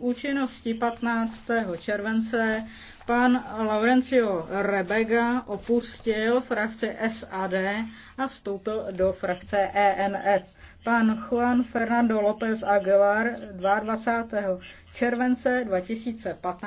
účinnosti 15. července pan Laurencio Rebega opustil frakci SAD a vstoupil do frakce ENF. Pan Juan Fernando López Aguilar 22. července 2015